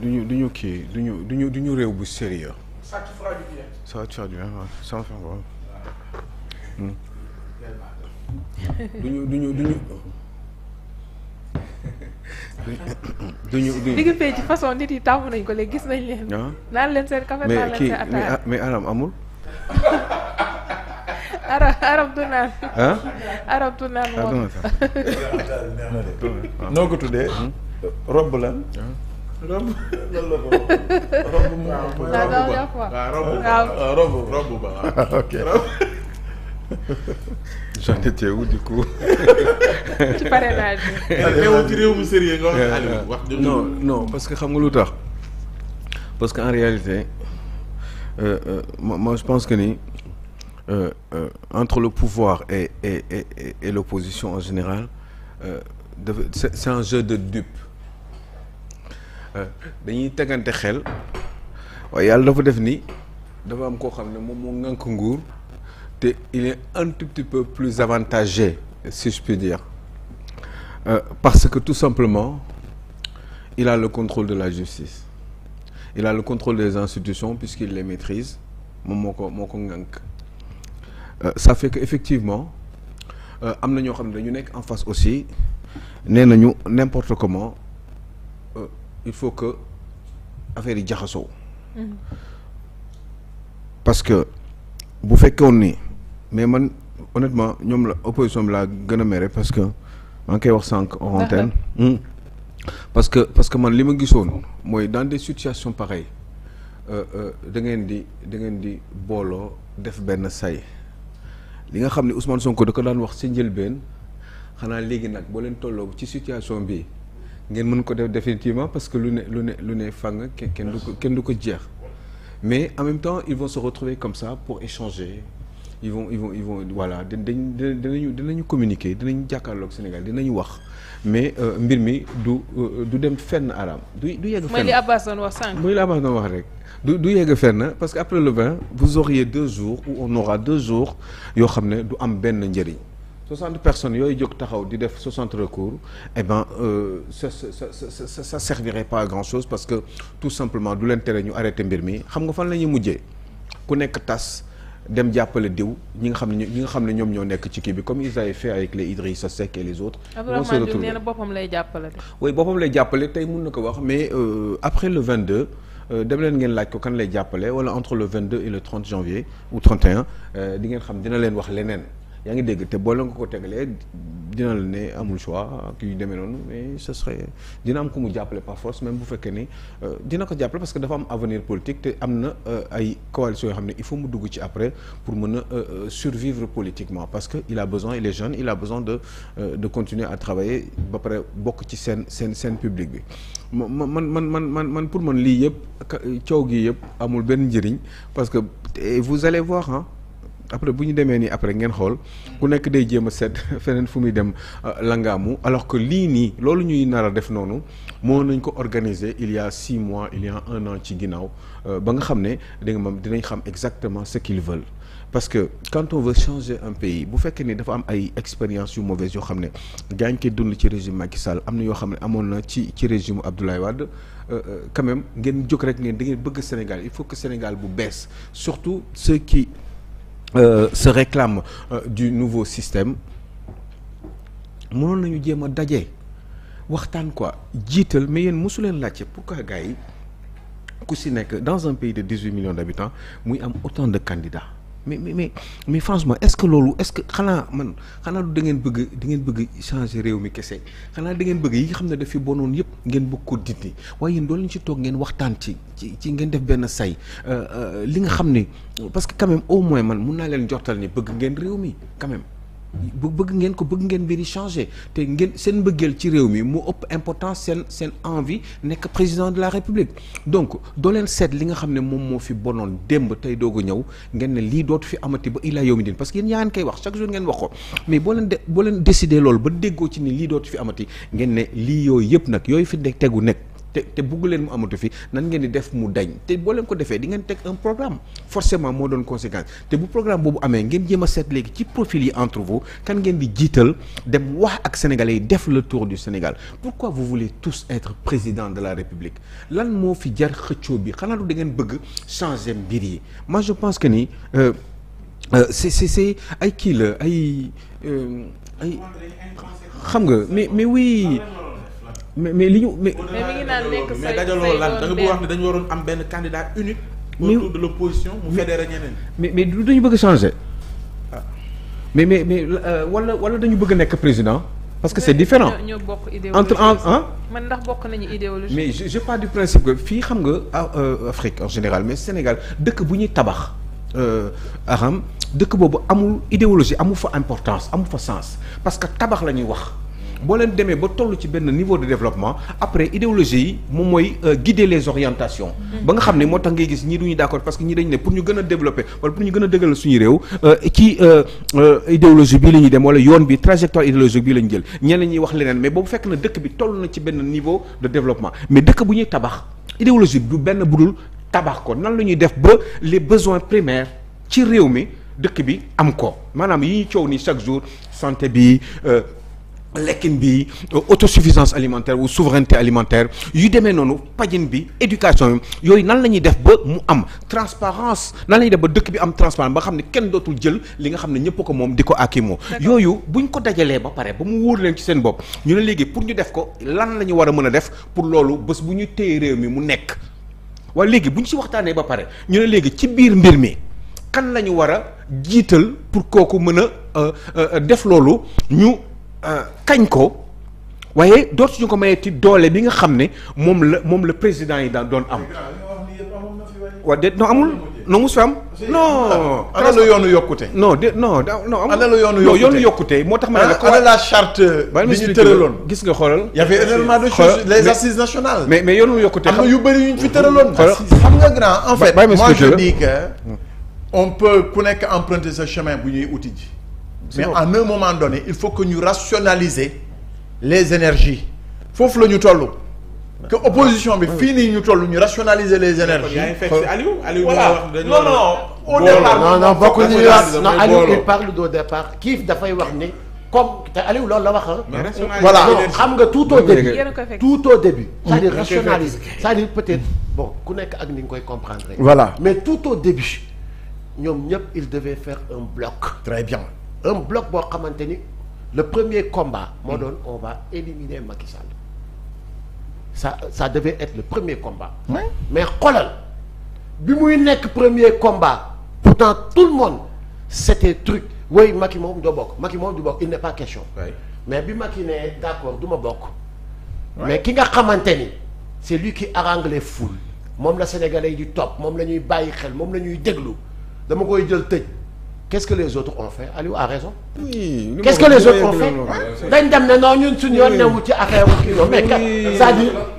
du ñu du ñu kii du ñu du ñu du ñu réew bu sérieux. ça te fera du bien. ça te fera du bien waaw ça me fait waaw. du ñu du ñu du ñu. duñu duñu li nga fee ci façon nit yi tàmm nañ ko léegi gis nañ leen. Ah. naan leen seen café naan leen seen ataaya mais kii mais alam amul. arab arab du naan. arab du naan noo ko tuddee. Hmm? robb lan. robb lan la ko waaw robb ba ba ok. j'en étais où du coup. ci parrainage bi. ci réew mu eh, eh. non non parce que xam nga lu tax parce en réalité euh, euh, moi, je pense que ni. Euh, euh, entre le pouvoir et et et et l'opposition en général euh, dafa c'est, c'est un jeu de dupe dañuy tegante xel waaye yàlla dafa def ni dafa am koo xam ne moom moo ŋànk nguur te il est un tout petit peu plus avantagé si je puis dire parce que tout simplement il a le contrôle de la justice il a le contrôle des institutions puisqu'il les maîtrise moom moo ko moo ko ŋànk Euh, ça fait que effectivement euh, am na ñoo xam ne dañu nekk en face aussi nee nañu n'importe comment euh, il faut que affaire yi jaxasoo. Mm-hmm. parce que bu fekkoon ni mais man honnêtement ñoom la opposition bi laa gën a mere parce que maa ngi koy wax sànq en antenne hmm. parce que parce que man li ma gisoon mooy dans des situations pareilles da ngeen di da ngeen di booloo def benn say li nga xam ne Ousmane Sonko da ko daan wax si njëlbeen xanaa léegi nag boo leen tolloo ci situation bi ngeen mën ko def définitivement parce que lu ne lu ne lu ne fang kenn du ko kenn du ko jeex mais en même temps ils vont se retrouver comme ça pour échanger ils vont ils vont ils vont voilà dañ dinañu dinañu communiquer dinañu jàkkaarloog Sénégal dinañu wax mais euh, mbir mi du euh, du dem fenn araam du du yegg fenn mooy li Abbas doon wax sànq mooy li wax rek du du yegg fenn parce que après le 20 vous auriez deux jours ou on aura deux jours yoo xam ne du am benn njëriñ. 60 personnes yooyu jóg taxaw di def 60 recours eh ben sa euh, ça ça ça ça servirait pas à grand chose parce que tout simplement du leen tere ñu arrêté mbir mi xam nga fan la ñuy mujjee ku nekk tas dem jàppale diw ñi nga xam ne ñi nga xam ne ñoom ñoo nekk ci kii bi comme ils avaient fait avec les Idrissa Seck et les autres. on se retrouve boppam lay jàppale. boppam lay jàppale tey mun na ko wax mais euh, après le 22. Euh, dem leen ngeen laaj ko kan lay jàppale wala entre le 22 et le 30 janvier ou 31 euh, ngeen xam dina leen wax leneen. yaa ngi dégg te boo leen ko ko tegalee dina la ne amul choix ki yu demee noonu mais ce serait dina am ko mu jàppale par force même bu fekkee ni euh, dina ko jàppale parce que dafa am avenir politique te am na euh, ay coalition yoo xam ne il faut mu dugg ci après pour mën a euh, survivre politiquement parce que il a besoin il est jeune il a besoin de de continuer à travailler ba pare bokk ci seen seen seen public bi man man man man man pour man lii yëpp coow gi yëpp amul benn njëriñ parce que vous allez voir ah après bu ñu demee nii après ngeen xool ku nekk day jéem a seet feneen fu muy dem euh, langaamu alors que lii nii loolu ñuy nar a def noonu moo nañ ko organiser il y six mois il y a un an ci ginnaaw euh, ba nga xam ne da nga moom dinañ xam exactement ce qu'ils veulent parce que quand on veut changer un pays bu fekkee ni dafa am ay expérience yu mauvaise yoo xam ne gaañ koy dund ci régime Macky Sall am na yoo xam ne amoon na ci ci régime Abdoulaye Wade euh, quand même ngeen jóg rek ngeen da bëgg Sénégal il faut Sénégal bu bees surtout ceux qui euh, se réclament euh, du nouveau système mënoon nañu jéem a daje waxtaan quoi jiital mais yéen mosu leen laajte pourquoi gars yi ku si nekk dans un pays de dix-huit millions d'habitants muy am autant de candidats. mais mais mais franchement est-ce que loolu est-ce que xanaa man xanaa du da ngeen bëgg da ngeen bëgg changer réew mi kese xanaa da ngeen bëgg yi nga xam ne daf fi bonoon yëpp ngeen bëgg ko dindi waaye yéen doo leen ci toog ngeen waxtaan ci ci ci ngeen def benn say euh, euh, li nga xam ne parce que quand même au moins man mun naa leen jotal ni bëgg ngeen réew mi quand bu bëgg ngeen ko bëgg ngeen mbir yi changé te ngeen seen mbëggeel ci réew mi mu ëpp importance seen seen envie nekk président de la république donc doo leen seet li nga xam ne moom moo fi bonoon démb tey doog a ñëw ngeen ne lii dootu fi amati ba ilaa yow mi din parce que yéen koy wax chaque jour ngeen wax ko mais boo leen de boo leen décidé loolu ba déggoo ci ni lii dootu fi amati ngeen ne lii yooyu yëpp nag yooyu fi tegu nekk te te bugg leen mu amatu fi nan ngeen di def mu dañ te boo leen ko defee di ngeen teg un programme forcément moo doon conséquence te bu programme boobu amee ngeen jéem a seet léegi ci profil yi entre vous kan ngeen di jiital dem wax ak sénégalais yi def le tour du Sénégal pourquoi vous voulez tous être président de la République lan moo fi jar xëccoo bi xanaatu du da ngeen bëgg changer mbir yi moi je pense que ni euh, euh, c'est c'est c'est ay kii la ay euh, ay xam nga mais mais oui. mais mais li ñu mais. mais dajaloo lan da nga wax ne dañu waroon am benn candidat unique. autour de l'opposition mu fédéré mais mais du dañu bëgg changer. Ah. mais mais mais euh, wala wala dañu bëgg nekk président. parce que c'est différent entre en man ndax bokk nañu idéologie. mais je je pars du principe que fii xam nga ah, euh, Afrique en général mais Sénégal dëkk bu ñuy tabax. Euh, Aram dëkk boobu amul idéologie amul fa importance amul fa sens parce que tabax la ñuy wax. boo leen demee ba toll ci benn niveau de développement après idéologie yi moom mooy euh, guider les orientations mm. ba nga xam ne moo tax ngay gis ñii duñu d'accord parce que ñi dañu ne pour ñu gën a développer wala pour ñu gën a dëgëral suñu réew euh, ci euh, idéologie bii la ñuy dem wala yoon bi trajectoire idéologique bii la ñu jël ñeneen ñi wax leneen mais boobu fekk na dëkk bi toll na ci benn niveau de développement mais dëkk bu ñuy tabax idéologie du benn budul tabax ko nan la ñuy def ba les besoins primaires ci réew mi dëkk bi am ko maanaam yi ñu ni chaque jour santé bi lekkin bi autosuffisance alimentaire ou souveraineté alimentaire yu demee noonu pajin bi éducation yi yooyu nan la ñuy def ba mu am transparence nan la ñuy def ba dëkk bi am transparence ba xam ne kenn dootul jël li nga xam ne ñëpp ko moom di ko akimoo yooyu buñ ko dajalee ba pare ba mu wóor leen ci seen bopp ñu ne léegi pour ñu def ko lan la ñu war a mën a def pour loolu bés bu ñu téye réew mi mu nekk waaye léegi bu ñu si waxtaanee ba pare ñu ne léegi ci biir mbir mi kan la ñu war a jiital pour kooku mën a euh, euh, euh, def loolu kañ ko waaye dootuñu ko mayee ci doole bi nga xam ne moom la moom la président yi daan doon am. waa déet non amul non mosu am. non ana lu yoonu yokkute. non déet non non amul. ana yoonu yokkute moo tax ma ne la. Ah, ana la charte bi ñu tëraloon gis nga xoolal. y avait énormément de choses les mais mais yoonu yokkute xam nga yu bëri yu ñu tëraloon. xam nga grand en fait. moi je dis que on peut ku nekk emprunter sa chemin bu ñuy uti ji. mais en un moment donné il faut que ñu rationaliser les énergies foofu la ñu toll que opposition bi fii nii ñu toll ñu rationaliser les énergies. Aliou Aliou voilà non non au départ non non bokk ñu non Aliou il parle d'au départ kiif dafay wax ni comme te Aliou loolu la wax ah. voilà xam nga tout au début tout au début. c'est-à-dire rationaliser c'est-à-dire peut-être bon ku nekk ak ni nga koy comprendre. voilà mais tout au début ñoom ñëpp il devait faire un bloc. très bien. un bloc boo xamante ni le premier combat moo doon on va éliminer Macky Sall ça ça devait être le premier combat ouais. mais xoolal bi muy nekk premier combat pourtant tout le monde c'était truc wooy Macky moom doo bokk Macky moom du bokk il n'est pas question ouais. mais bi Macky ne d'accord du ma bokk mais ki nga xamante ni c'est lui qui harangue les moom la sénégalais yi di topp moom la ñuy bàyyi xel moom la ñuy déglu dama koy jël tëj qu'est-ce que les autres ont fait Aliou a raison. oui quest que les autres ont fait dañ dem ne non ñun suñu yoon newu ci affaire wu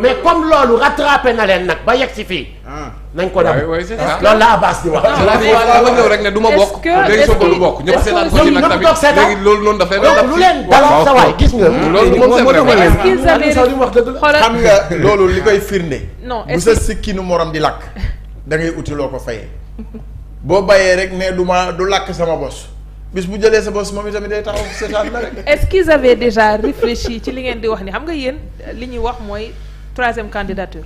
mais comme loolu rattrapé na leen nag ba yegg si fii. Ah. nañ ko def loolu la Abass di wax. ñëw rek ne ma bokk. léegi soo du bokk ñëpp seetaan ko ci nag tamit léegi loolu noonu dafay lu leen dalal moom li koy firnde. bu sa sikkinu morom di lakk da ngay uti loo ko fayee boo bàyyee rek ne du ma du làkk sama bos bis bu jëlee sa bos moom itamit day taxaw seetaan la rek. est-ce qu'ils déjà réfléchi ci li ngeen di wax ni xam nga yéen li ñuy wax mooy troisième candidature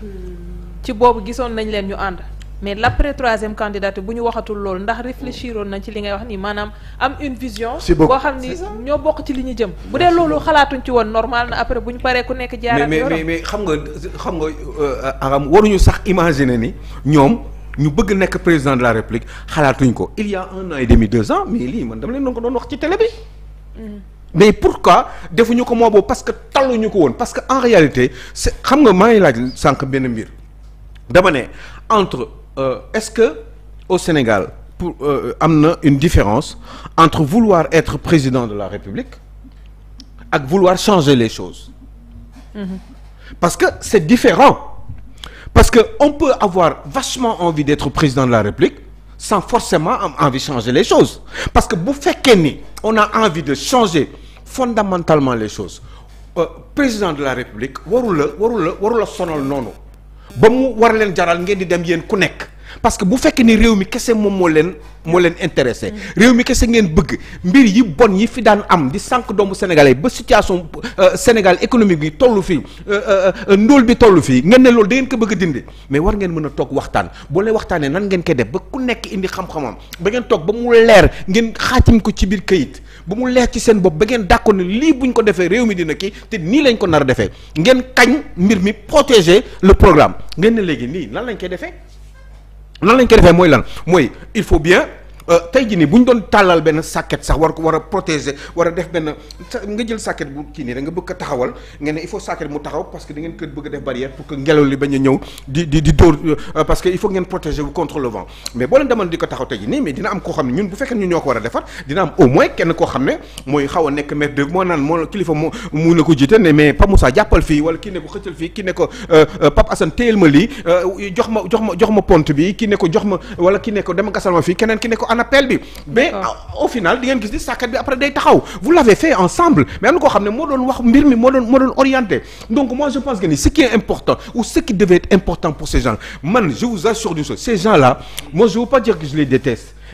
ci boobu gisoon nañ leen ñu ànd. mais l'après troisième candidature bu ñu waxatul loolu ndax réfléchiroon nañ ci li ngay wax nii maanaam am une vision boo xam ni ñoo bokk ci li ñu jëm bu dee loolu xalaatuñ ci woon normal na après bu ñu paree ku nekk jaaraat mais mais mais xam nga xam nga euh, aram waruñu sax imaginer ni ñoom ñu bëgg nekk président de la république xalaatuñ ko il y un an et demi deux ans mais lii man dama leen doon ko doon wax ci télé bi. Mm. mais pourquoi defuñu ko moo boobu parce que talluñu ko woon parce que en réalité c'est xam nga maa ngi laaj sànq benn mbir dama ne entre euh, est-ce que au Sénégal pour euh, am na une différence entre vouloir être président de la République ak vouloir changer les choses. Mm-hmm. parce que c'est différent. parce que on peut avoir vachement envie d'être président de la République sans forcément am envie changer les choses parce que bu fekkee ni on a envie de changer fondamentalement les choses euh, président de la République warul la warul la warul sonal noonu ba mu war leen jaral ngeen di dem yéen ku nekk parce que bu fekkee ni réew mi kese moom moo leen moo leen intéressé réew mi kese ngeen bëgg mbir yi bon yi fi daan am di sànq doomu sénégalais ba situation euh, Sénégal économique bi tollu fii euh, euh, ndool bi tollu fii ngeen ne loolu da ngeen ko bëgg a dindi mais war ngeen mën a toog waxtaan boo leen nan ngeen koy def ba ku nekk indi xam-xamam ba ngeen toog ba leer ngeen xaatim ko ci biir kayit ba mu leer ci seen bopp ba ngeen d'accord ne lii buñ ko defee réew mi dina ki te nii lañ ko nar a defee ngeen kañ mbir mi protéger le programme ngeen léegi nii nan lañ koy defee lan lañ koy defee mooy lan mooy il faut bien. Euh, tey jii nii bu ñu doon tàllal benn sàkket sax war ko war a protéger war a def benn nga jël sàkket bu kii nii rek nga bëgg ko taxawal nga ne il faut sàkket mu taxaw parce que ko bëgg a def barrière pour que ngelaw li bañ a ñëw di di di dóor euh, il faut ngeen protéger wu contre mais boo leen di ko taxaw tey jii nii mais dina am koo xam ne ñun bu fekkee ñu ñoo ko war a defar dina am au moins kenn koo xam ne mooy xaw a nekk maître dëgg moo naan moo jox ma jox ma pont bi ne ko jox ma wala kii ne ko dama gasal ma fii keneen appel bi mais au final di ngeen gis ni sàkkat après day taxaw vous l'avez fait ensemble mais am na koo xam ne moo doon wax mbir mi moo doon moo doon orienté donc moi je pense que ni ce qui est important ou ce qui devait être important pour ces gens man je vous assure d'une chose ces gens là moi je veux pas dire que je les déteste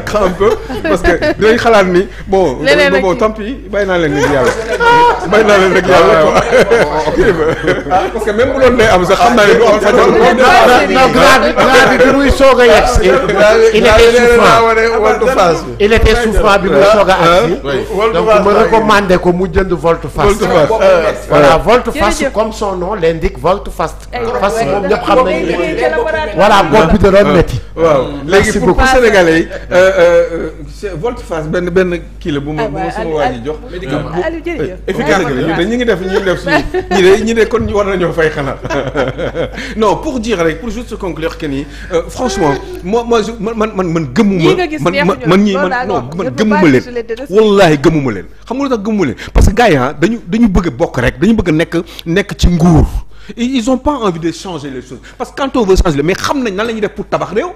sàq un peu parce que dinañ xalaat ni bon. leneen bon tant pis bàyyi naa leen rek yàlla. bàyyi naa leen rek yàlla quoi. Ah, ah, parce que même bu doon day am sax xam naa ne du am sa jaww. non grade grade bi muy soog a yegg il était souffrant il était souffrant bi muy ah, soog a agsi. donc ma recommandé ko mu jënd volte-face. voilà volte-face comme son nom l'indique volte-face. fas moom ñëpp xam nañu voilà bopp bi da doon métti. waaw léegi pour sénégalais yi. Euh, euh, euh, volte-face benn benn kii la bu ma ah bu ma sama waa ji jox. Aliou jërëjëf efficace la ñu ngi def ñu ngi def suñu ñi ñi kon war nañoo fay xanaa non pour dire rek pour juste conclure que ni franchement moi moi je man man man gëmuma man man ñii man non man gëmuma leen wallaahi gëmuma leen xam nga lu tax gëmuma leen parce que gars ah, dañu dañu bëgg bokk rek dañu bëgg nekk nekk ci nguur ils ont pas envie de changer les choses parce que quand on veut changer mais xam nañ nan la ñuy def pour tabax réew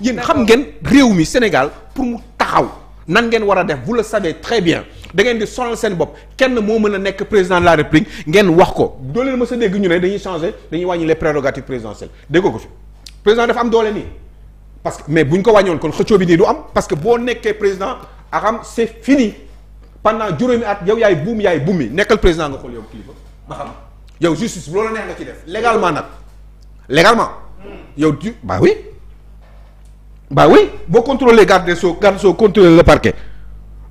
yéen xam ngeen réew mi Sénégal pour mu taxaw nan ngeen war a def vous le savez très bien da ngeen di sonal seen bopp kenn moo mën a nekk président la république ngeen wax ko doo leen mës dégg ñu ne dañuy changer dañuy wàññile les prérogatives présidentielles dégg ko fi président dafa am doole nii parce que mais bu ñu ko wàññoon kon xëccoo bi nii du am parce que boo nekkee président axam c'est fini pendant juróomi at yow yaay buum yaay buum yi nekkal président nga ko yow kilifa ba xam yow justice def légalement nag légalement hmm. yow du bah oui bah oui boo contrôler garde des sceaux garde des sceaux contrôler le parquet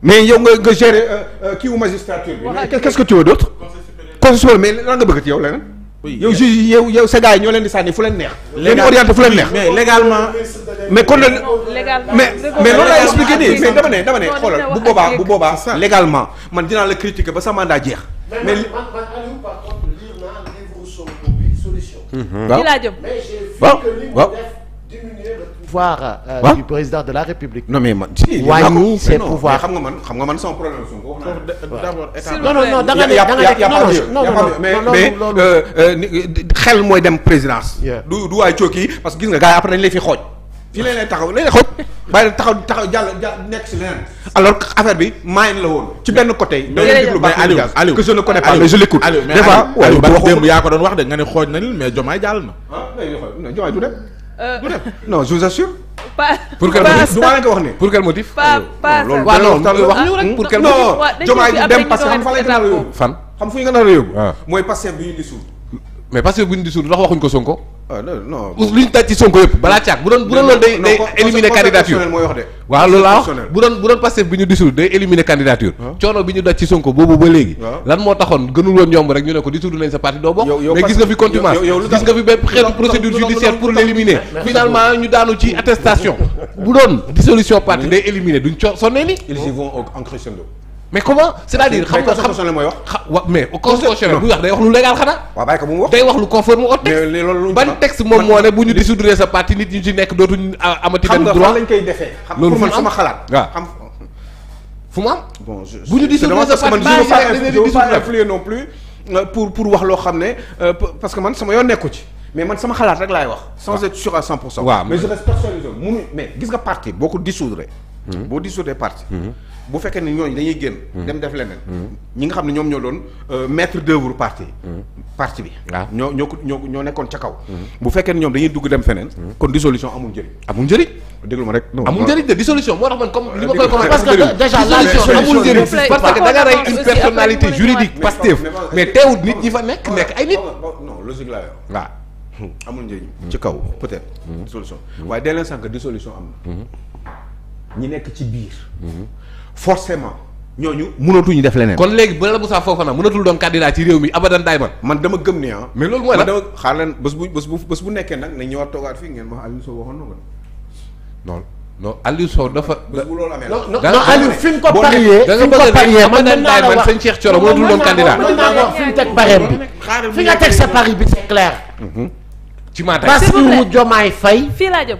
mais yow nga nga gérer euh, euh, kii wu magistrature bi. qu'est-ce que tu veux mais lan nga bëgg ci yow leneen. oui yow juge yow sa gars ñoo leen di sànni fu leen neex. léegi orienté fu leen neex. mais légalement. mais kon nag. mais mais loolu laay expliqué nii mais dama ne dama ne xoolal bu boobaa bu boobaa sax. légalement man dinaa la critiquer ba sa mandat jeex. mais man mhm. waaw waaw waaw. pouvoir. waaw euh, du président de la République. non mais man si wàññi ses pouvoirs xam nga man xam nga man son problème su ko wax. d'abord état non non da nga ne da nga ne non non non mais mais euh, euh, xel mooy dem présidence. du du waay cooki parce que gis nga gars yi après dañ lay fi xooj. fii lay lay taxaw lay lay xooj bàyyi taxaw taxaw jàll nekk si leneen alors que affaire bi maayeen la woon. ci benn côté. mais Aliou Aliou Aliou que je ne connais pas mais je l'écoute. Aliou mais Aliou ba démb yaa ko doon wax de nga ne xooj nañu mais Diomaye jàll na. ah léegi xooj Diomaye du dem. Euh, non je vous assure. pas pour quel wax nii. Euh, dem parce que xam fan lay gën a yóbbu. a yóbbu. Ah. mooy Pastef bi ñu di suul. mais Pastef bi ñu di suul ndax waxuñ ko Sonko. ah non lu ñu taaj ci Sonko yëpp balaa caag bu doon bu doon loolu day day éliminer candidature waaw loolu laa wax bu doon bu doon Pastef bi ñu dissoudre day éliminer candidature coono bi ñu daj ci Sonko boobu ba léegi lan moo taxoon gënul woon yomb rek ñu ne ko dissoudre nañ sa parti doo bokk mais gis nga fi contumace gis nga fi xeetu procédure judiciaire pour l'éliminer finalement ñu daanu ci attestation bu doon dissolution parti day éliminer duñ co mais comment c'est-à-dire xam nga xam mais mooy wax. wa mais constitutionnel bu wax day wax lu légal xanaa. day wax lu conforme au texte. ban texte moom moo ne bu ñu dissoudre sa parti nit ñi ci nekk dootuñu amati. benn droit xam nga fan lañ koy defee. loolu fu am sama xalaat. waaw fu mu am. bon ñu dissoudre sa parti je veux pas euh, pour pour wax loo xam ne euh, parce que man sama yoon nekku ci. mais man sama xalaat rek laay wax. sans être sûr à 100 pour cent. waaw mais je mais gis nga parti Mm-hmm. boo dissoutee parti mm-hmm. bu fekkee ne ñooñu dañuy génn. Mm-hmm. dem def leneen. ñi nga xam ne ñoom ñoo doon euh, maître d'œuvre parti. parti bi. waaw ah. ñoo ñoo ko ñoo ñoo nekkoon ca kaw. bu fekkee ne ñoom dañuy dugg dem feneen. kon dissolution amul njëriñ. amul njëriñ. déglu ma rek de dissolution moo tax man comme li ma koy commencé. parce que solution amul njëriñ parce que da nga rey une personnalité juridique Pastef mais teewut nit ñi fa nekk nekk ay nit. non logique laa yor. waaw ah. amul njëriñ. Hmm. ci kaw peut-être. Hmm. dissolution hmm. waaye dès l'instant dissolution am na. ñi nekk ci biir. Mhm. forcément ñooñu mënatuñu def leneen. kon léegi bala Moussa Fofana mënatul doon candidat ci réew mi abadan dayman man dama gëm ni ah. mais loolu mooy la dama xaar leen bés bu bés bu bés bu nekkee nag nañ ñëwaat toogaat fii ngeen wax Aliou Sow waxoon na ko non dafa. bés bu loolu amee non Aliou fi mu ko parié da nga a ne abadan dayman sëñ Cheikh Thioro mënatul doon candidat. mën fi mu teg bi fi nga teg sa pari bi c'est clair. Mhm. ci maa tey Bassirou Diomaye Faye fii laa jëm